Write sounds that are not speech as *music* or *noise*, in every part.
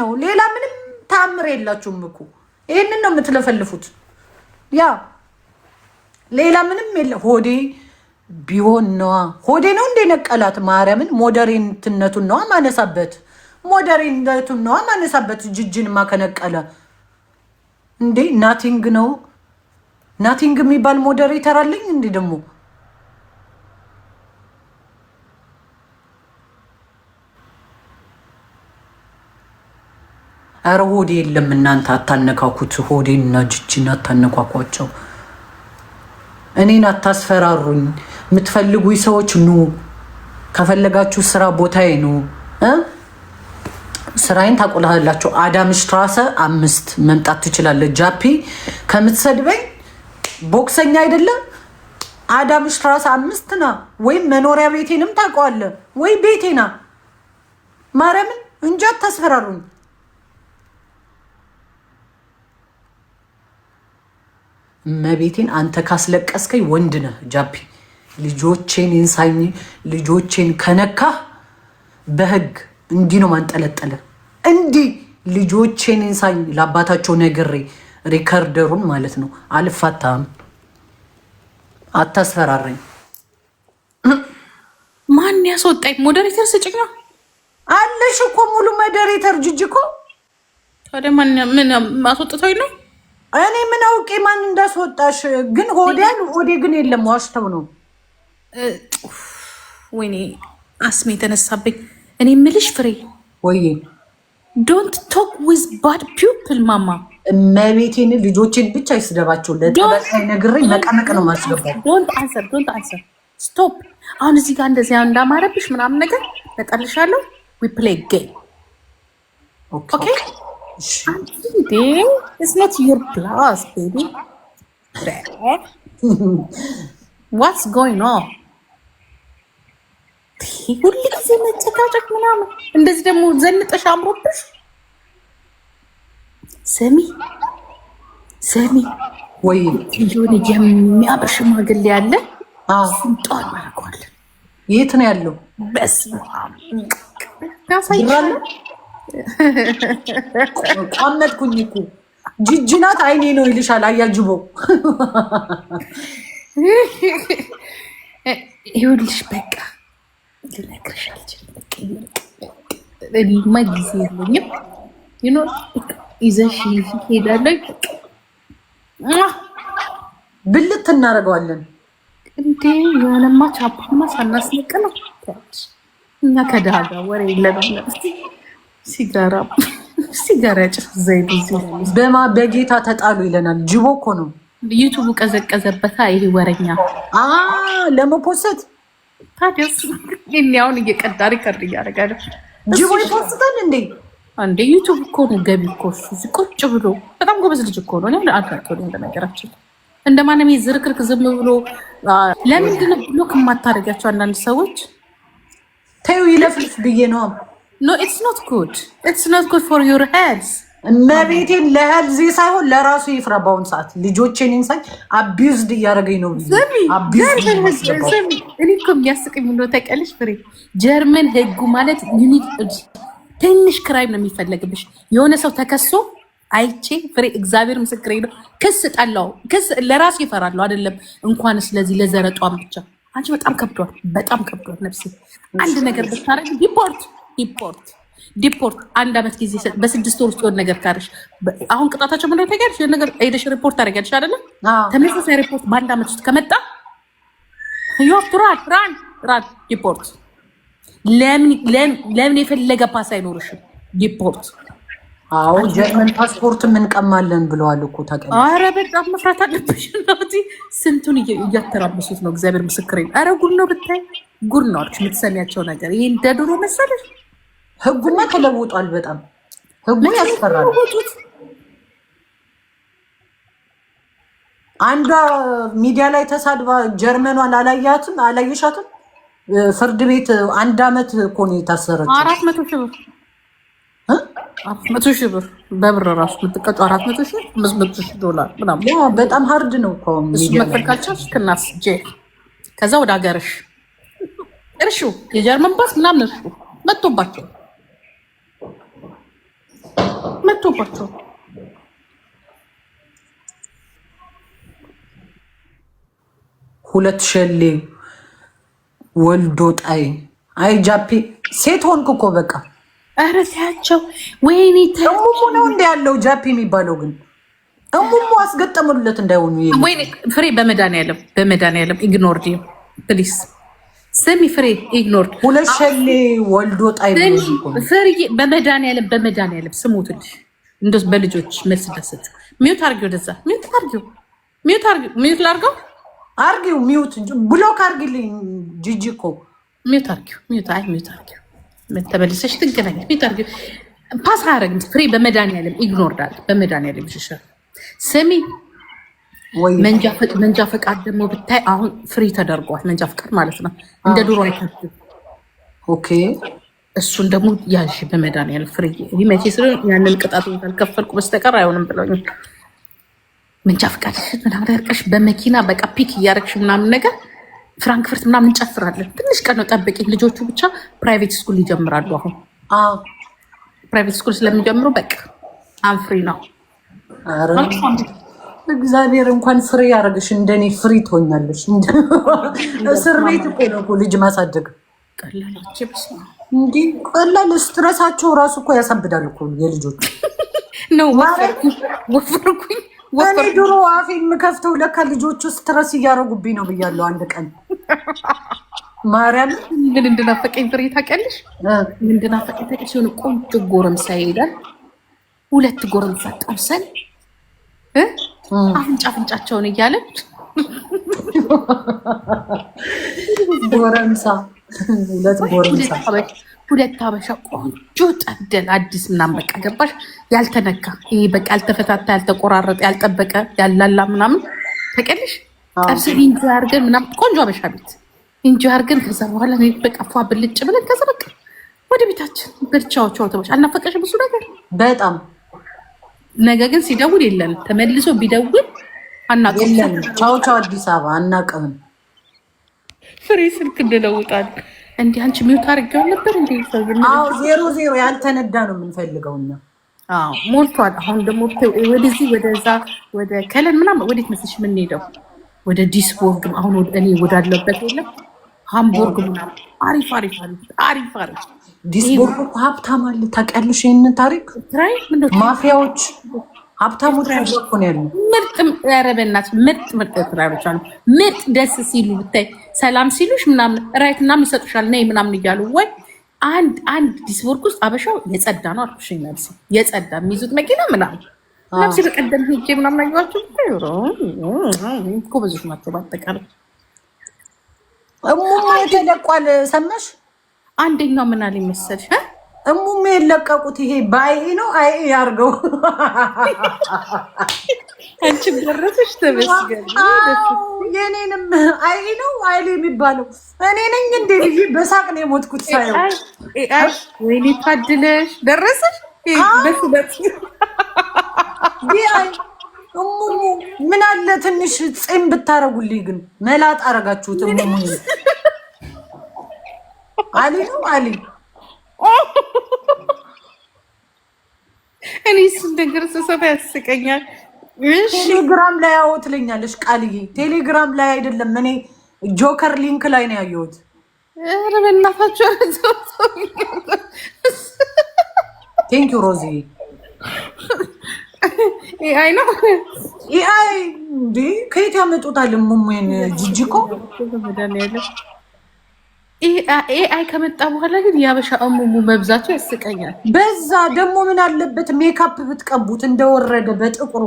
ነው። ሌላ ምንም ተአምር የላችሁም እኮ ይህንን ነው የምትለፈልፉት። ያ ሌላ ምንም የለ። ሆዴ ቢሆን ነዋ ሆዴ ነው እንደ ነቀላት ማርያምን። ሞዴሬትነቱን ነዋ ማነሳበት፣ ሞደሬነቱን ነዋ ማነሳበት። ጅጅንማ ከነቀለ እንዴ ናቲንግ ነው ናቲንግ የሚባል ሞዴሬተር አለኝ እንዴ ደግሞ ኧረ ሆዴ የለም እናንተ አታነካኩት። እና ጅጅን አታነኳኳቸው። እኔን አታስፈራሩኝ። የምትፈልጉኝ ሰዎች ኑ፣ ከፈለጋችሁ ስራ ቦታዬ ኑ። ስራዬን ታቆላላችሁ። አዳም ሽትራሰ አምስት መምጣት ትችላለህ። ጃፒ ከምትሰድበኝ ቦክሰኛ አይደለም። አዳም ሽትራሰ አምስት ና፣ ወይም መኖሪያ ቤቴንም ታውቀዋለህ ወይ ቤቴና ማርያምን እንጂ አታስፈራሩኝ። እመቤቴን አንተ ካስለቀስከኝ ወንድ ነህ ጃፒ። ልጆቼን ኢንሳኝ ልጆቼን ከነካ በህግ እንዲህ ነው ማንጠለጠለ እንዲህ ልጆቼን ኢንሳኝ ለአባታቸው ነግሬ ሪከርደሩን ማለት ነው። አልፋታም። አታስፈራረኝ። ማን ያስወጣኝ? ሞዴሬተር ስጭቅ ነው አለሽ እኮ ሙሉ ሞዴሬተር ጅጅ እኮ ታዲያ ማን ምን አስወጥቶኝ ነው? እኔ ምን አውቄ ማን እንዳስወጣሽ ግን ሆዴን ሆዴ ግን የለም ዋሽተው ነው። ወይኔ አስሜ የተነሳብኝ። እኔ ምልሽ ፍሬ ወይ ዶንት ቶክ ዊዝ ባድ ፒፕል ማማ እመቤቴን ልጆችን ብቻ ይስደባቸው። ለጠበቃ ነግሬኝ መቀመቅ ነው ማስገባው። ዶንት አንሰር ዶንት አንሰር ስቶፕ። አሁን እዚህ ጋር እንደዚህ እንዳማረብሽ ምናምን ነገር እመጣልሻለሁ። ዊ ፕሌይ ጌም ኦኬ Cheating? It's not your plus, baby. *laughs* What's going on? ሁሉ ጊዜ መጨቃጨቅ ምናምን እንደዚህ ደግሞ ዘንጠሽ አምሮብሽ። ስሚ ስሚ፣ ወይ የሆነ የሚያምር ሽማግሌ ያለ ስንጧን እናደርገዋለን። የት ነው ያለው? በስመ አብ ቀመጥኩኝ እኮ ጅጅ ናት አይኔ ነው ይልሻል። አያጅቦ ይኸውልሽ በቃ ልነግርሽ አልችልም። እኔማ ጊዜ የለኝም። ይኖ ይዘሽ ሄዳለሁ ብልት እናደርገዋለን። እንዴ የሆነማ ቻፓማ ሳናስነቅ ነው እኛ ከድሃ ጋር ወሬ የለንም። ሲጋራ ሲጋራ ጭስ ዘይት በማ በጌታ ተጣሉ ይለናል። ጅቦ እኮ ነው። ዩቱቡ ቀዘቀዘበታ። ይሄ ወረኛ ለመፖሰት ታዲያስ ሁን እየቀዳሪ ከር እያደረጋለ ጅቦ ይፖስታል እንዴ እንዴ! ዩቱብ እኮ ነው ገቢ እኮ እሱ ቁጭ ብሎ በጣም ጎበዝ ልጅ እኮ ነው። ለምን አልታከሉ እንደነገራችን እንደማንም ዝርክርክ ዝም ብሎ ለምንድን ብሎክ የማታደርጋቸው አንዳንድ ሰዎች ተዩ ይለፍልፍ ብዬ ነው። ኖ ኢትስ ኖት ጉድ ኢትስ ኖት ጉድ ፎር ዩር ሄልዝ። እመቤቴን ለሄልዝ ሳይሆን ለራሱ ይፍራ። በአሁኑ ሰዓት ልጆቼን ንሳኝ አቢውዝድ እያደረገኝ ነው። እኔ እኮ የሚያስቅኝ ብሎ ተቀልሽ ፍሬ ጀርመን ህጉ ማለት ትንሽ ክራይም ነው የሚፈለግብሽ። የሆነ ሰው ተከሶ አይቼ ፍሬ እግዚአብሔር ምስክሬ ነው። ክስ ጠላው ክስ ለራሱ ይፈራለሁ አይደለም እንኳን ስለዚህ ለዘረጧም ብቻ አንቺ በጣም ከብዷል፣ በጣም ከብዷል። ነፍሴ አንድ ነገር ብታረግ ዲፖርት ኢምፖርት ዲፖርት አንድ አመት ጊዜ ይሰጥ። በስድስት ወር ውስጥ የሆነ ነገር ካረሽ አሁን ቅጣታቸው ምንድን ነው? ታውቂያለሽ፣ የሆነ ነገር ሄደሽ ሪፖርት አደረጋልሽ አይደለ? ተመሳሳይ ሪፖርት በአንድ አመት ውስጥ ከመጣ ዮራን ራን ራን ዲፖርት። ለምን የፈለገ ፓስ አይኖርሽም። ዲፖርት። አዎ ጀርመን ፓስፖርት እንቀማለን ብለዋል እኮ ታውቂያለሽ። ኧረ በጣም መፍራት አለብሽ። እናት ስንቱን እያተራመሱት ነው። እግዚአብሔር ምስክሬ። ኧረ ጉድ ነው ብታይ፣ ጉድ ነው አልኩሽ። የምትሰሚያቸው ነገር ይህ እንደ ድሮ መሰለሽ ህጉማ ተለውጧል። በጣም ህጉ ያስፈራል። አንዷ ሚዲያ ላይ ተሳድባ ጀርመኗን አላያትም አላየሻትም? ፍርድ ቤት አንድ አመት እኮ ነው የታሰረች። አራት መቶ ሺህ ብር አራት መቶ ሺህ ብር በብር ራሱ የምትቀጫ አራት መቶ ሺህ አምስት መቶ ሺህ ዶላር ምናምን በጣም ሀርድ ነው እኮ መከልካቸው እስክናስ ጄ ከዛ ወደ ሀገርሽ እርሹ የጀርመን ባስ ምናምን እርሹ መጥቶባቸው መጥቶባቸው ሁለት ሸሌ ወልዶ ጣይ አይ ጃፒ ሴት ሆንክ እኮ በቃ። ኧረ ሲያቸው ወይኔ እሙሙ ነው እንደ ያለው ጃፒ የሚባለው ግን እሙሙ አስገጠሙለት እንዳይሆኑ። ወይኔ ፍሬ በመድኃኒዓለም በመድኃኒዓለም ኢግኖር ፕሊስ ስሚ ፍሬ ኢግኖር ሁለት ሸሌ ወልዶ ጣይ በመድኃኒዓለም በመድኃኒዓለም ስሙትልሽ እንደ በልጆች መልስ ደስት ሚዩት አርጊው ወደዛ ሚዩት አርጊው ሚዩት አርጊው ሚዩት ላርገው አርጊው ሚዩት ብሎክ አርጊልኝ ጂጂ እኮ ሚዩት አርጊው ሚዩት አይ ሚዩት አርጊው ተመልሰሽ ትገናኝ ሚዩት አርጊው ፓስ አያረግም ፍሬ በመድኃኒዓለም ኢግኖር ዳል በመድኃኒዓለም ሽሻ ስሚ መንጃ ፈቃድ ደግሞ ብታይ አሁን ፍሪ ተደርጓል። መንጃ ፈቃድ ማለት ነው፣ እንደ ድሮ አይከብድም። ኦኬ እሱን ደግሞ ያዥ በመድኃኒዓለም ፍሪ መቼ ስለ ያንን ቅጣት ካልከፈልኩ በስተቀር አይሆንም ብለውኛል። መንጃ ፈቃድ ምናምን ያርቀሽ በመኪና በቃ ፒክ እያደረግሽ ምናምን ነገር ፍራንክፈርት ምናምን እንጨፍራለን። ትንሽ ቀን ነው ጠብቂ። ልጆቹ ብቻ ፕራይቬት ስኩል ይጀምራሉ። አሁን ፕራይቬት ስኩል ስለሚጀምሩ በቃ አንፍሪ ነው። እግዚአብሔር እንኳን ፍሬ ያደረግሽ እንደኔ ፍሪ ትሆኛለሽ። እስር ቤት እኮ ነው እኮ ልጅ ማሳደግ እንዲህ ቀላል። ስትረሳቸው ራሱ እኮ ያሳብዳል እኮ የልጆች *laughs* ነው። ወፍርኩኝ እኔ ድሮ አፌ የምከፍተው ለካ ልጆቹ ስትረስ እያደረጉብኝ ነው ብያለሁ። አንድ ቀን ማርያም ምን እንድናፈቀኝ ፍሬ ታውቂያለሽ? ምን እንድናፈቀኝ ታውቂያለሽ? የሆነ ቆንጆ ጎረምሳ ይሄዳል። ሁለት ጎረምሳ ጠብሰን አፍንጫ አፍንጫቸውን እያለች ጎረምሳ ሁለት ሀበሻ ቆንጆ ጠደን አዲስ ምናምን በቃ ገባሽ ያልተነካ ይሄ በቃ ያልተፈታታ ያልተቆራረጠ ያልጠበቀ ያላላ ምናምን ተቀልሽ ጠብስ ኢንጆ አድርገን ምናምን ቆንጆ አበሻ ቤት እንጆ አድርገን ከዛ በኋላ በቃ ፏ ብልጭ ብለን ከዛ በቃ ወደ ቤታችን በልቻዎቹ ተመች አልናፈቀሽም? ብዙ ነገር በጣም ነገ ግን ሲደውል የለን ተመልሶ ቢደውል አናውቅም። ቻው ቻው፣ አዲስ አበባ አናውቅም። ፍሬ ስልክ እንለውጣል። እንዲ አንቺ ሚውት አድርጌው ነበር። እንዲ ዜሮ ዜሮ ያልተነዳ ነው የምንፈልገው እና ሞልቷል። አሁን ደግሞ ወደዚህ ወደዛ ወደ ከለን ምናምን ወዴት መስልሽ የምንሄደው ወደ ዲስቦርግ አሁን እኔ ወዳለበት የለም ሃምቡርግ ምናምን አሪፍ አሪፍ አሪፍ አሪፍ አሪፍ ዲስቦርድ ሀብታም አለ ታውቂያለሽ? ይህንን ታሪክ ማፊያዎች ሀብታሞች ሆን ያሉ ምርጥ ኧረ ምርጥ ምርጥ ትራሮች አሉ። ምርጥ ደስ ሲሉ ብታይ ሰላም ሲሉሽ ምናምን ራይት ምናምን ይሰጡሻል ነይ ምናምን እያሉ ወይ አንድ አንድ ዲስቦርክ ውስጥ አበሻው የጸዳ ነው አልኩሽ። ነብስ የጸዳ የሚይዙት መኪና ምናምን ነብስ በቀደም ሄጄ ምናምን አየኋቸው እኮ ብዙሽ ናቸው። በአጠቃላይ እሙማ የተለቋል ሰመሽ አንደኛው ምን አለኝ መሰልሽ እሙሜ የለቀቁት ይሄ ባይ ነው። አይ ያርገው አንቺ ደረሰሽ ተመስገን። የኔንም አይ ነው አይል የሚባለው እኔ ነኝ እንደ ልጅ በሳቅ ነው የሞትኩት። ሳይሆን ወይኔ ታድለሽ ደረሰሽ። በስበት እሙሙ ምን አለ ትንሽ ጽም ብታረጉልኝ ግን መላጥ አረጋችሁት እሙሙ አሊ ነው አሊ። እኔ እሱን ነገር ስሰማ ያስቀኛል። ቴሌግራም ላይ ያው ትለኛለሽ ቃልዬ። ቴሌግራም ላይ አይደለም እኔ ጆከር ሊንክ ላይ ነው ያየሁት። ኧረ በእናታችሁ ቴንኪ ሮዚ ኤአይ ነው ኤአይ እንዴ! ከየት ያመጡታል? ሙሙን ጅጅኮ ኤአይ ከመጣ በኋላ ግን የአበሻ እሙሙ መብዛቱ ያስቀኛል። በዛ ደግሞ ምን አለበት ሜካፕ ብትቀቡት እንደወረደ በጥቁሩ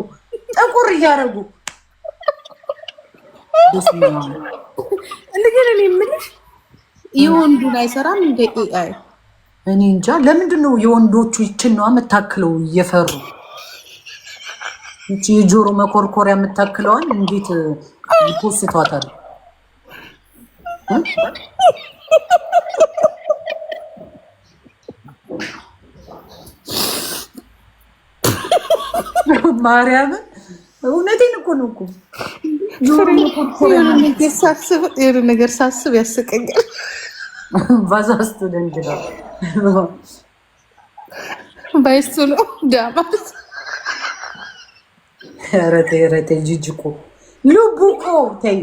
ጥቁር እያደረጉ እንደገና እኔ የምልሽ የወንዱን አይሰራም እንደ ኤአይ እኔ እንጃ። ለምንድን ነው የወንዶቹ ይችን ነው የምታክለው? እየፈሩ የጆሮ መኮርኮሪያ የምታክለዋን እንዴት ፖስቷታል? ማርያምን እውነቴን እኮ ነው እኮ የሆነ ነገር ሳስብ ያስቀኛል። ባዛ ባይስቱ ነው ዳማት ረቴ ረቴ ጅጅ እኮ ልቡ እኮ ተይ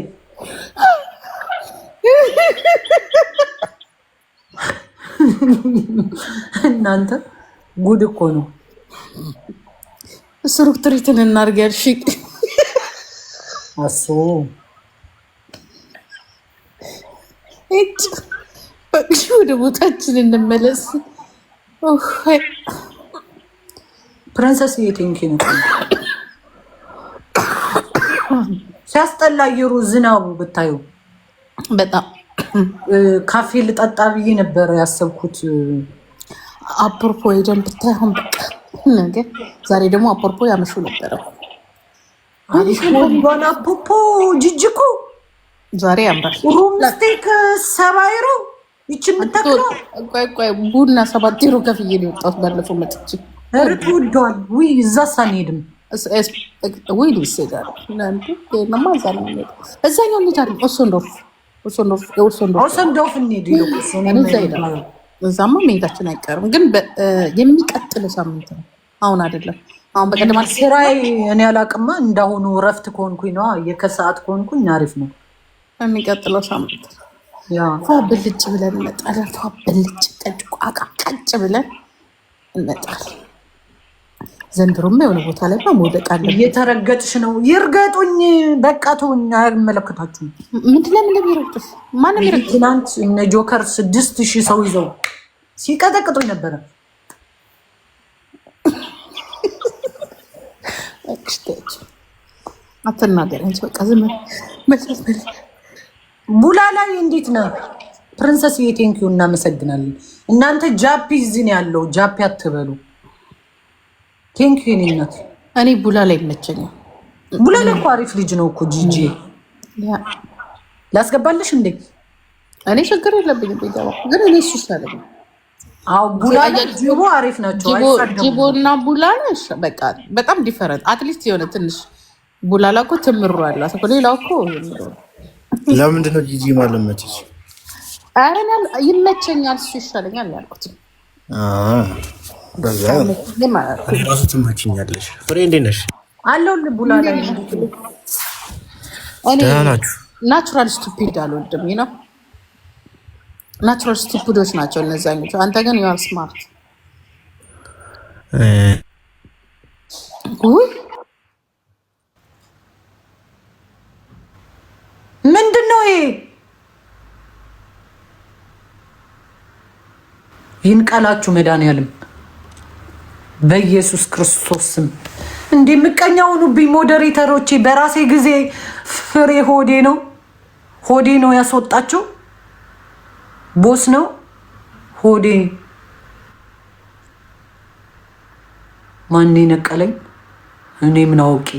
እናንተ ጉድ እኮ ነው። ስሩክ ትሪትን እናድርግ ያልሽኝ አስቡ። ወደ ቦታችን እንመለስ። ፕሪንሰስ የቴንኪ ነው ሲያስጠላ አየሩ ዝናቡ ብታዩ በጣም ካፌ ልጠጣ ብዬ ነበር ያሰብኩት። አፕርፖ ሄደን ብታይሆን በቃ ዛሬ ደግሞ አፕርፖ ያመሹ ነበረ። አፕርፖ ጅጅኩ ዛሬ ያምራል። ሩም ስቴክ ሰባ ዩሮ ይች የምታክለው ቆይ ቡና ሰባት ዩሮ ከፍዬ ነው የወጣሁት ባለፈው መጥቼ። ኧረ ትወደዋል። ውይ እዛ አንሄድም ወይ ልስ ሄዳለሁ። እዛኛው እንሄዳለን ኦሶንዶርፍ ወሰንዶፍ እዛማ መሄዳችን አይቀርም፣ ግን የሚቀጥለው ሳምንት ነው። አሁን አይደለም። አሁን በቀደም ስራዬ እኔ አላቅማ። እንዳሁኑ እረፍት ከሆንኩኝ ነዋ፣ የከሰዓት ከሆንኩኝ አሪፍ ነው። የሚቀጥለው ሳምንት ብልጭ ብለን እንመጣለን። ብልጭ ቀጭ ቋቃ ቀጭ ብለን እንመጣለን። ዘንድሮማ የሆነ ቦታ ላይ መውደቅ አለ። እየተረገጥሽ ነው። ይርገጡኝ፣ በቃ ተውኝ፣ አይመለከታችሁም። ምንድን ነው የሚረግጡት? ማነው ትናንት እነ ጆከር ስድስት ሺህ ሰው ይዘው ሲቀጠቅጡኝ ነበረ። አትናገር እንጂ በቃ ዝም ቡላ ላይ እንዴት ነ ፕሪንሰስ? የቴንኪዩ እናመሰግናለን። እናንተ ጃፒ ዝን ያለው። ጃፒ አትበሉ ቴንክ ዩኒነት እኔ ቡላ ላይ ይመቸኛል። ቡላ ላይ እኮ አሪፍ ልጅ ነው እኮ ጂጂ። ላስገባለሽ እንዴ? እኔ ችግር የለብኝ ቤተባ ግን እኔ እሱ ሳለ አዎ ቡላ ጅቦ አሪፍ ናቸው። ጅቦ እና ቡላ በቃ በጣም ዲፈረንት አትሊስት የሆነ ትንሽ ቡላ ላኮ ትምሩ አላት እኮ ሌላው እኮ ለምንድን ነው ጂጂ ማለመችሽ? ይመቸኛል እሱ ይሻለኛል ያልኩት ራሱ ፍሬ እንዴት ነሽ? አለሁልህ ቡላ ናቹራል ስቱፒድ አልወድም ነው። ናቹራል ስቱፒዶች ናቸው እነዛኞቹ። አንተ ግን ዩአር ስማርት። ምንድን ነው ይሄ? ይህን ቃላችሁ መድኃኒዓለም በኢየሱስ ክርስቶስ ስም እንደ ምቀኛ ሆኑብኝ ሞዴሬተሮቼ። በራሴ ጊዜ ፍሬ ሆዴ ነው ሆዴ ነው ያስወጣችው። ቦስ ነው ሆዴ። ማን ነቀለኝ? እኔ ምን አውቄ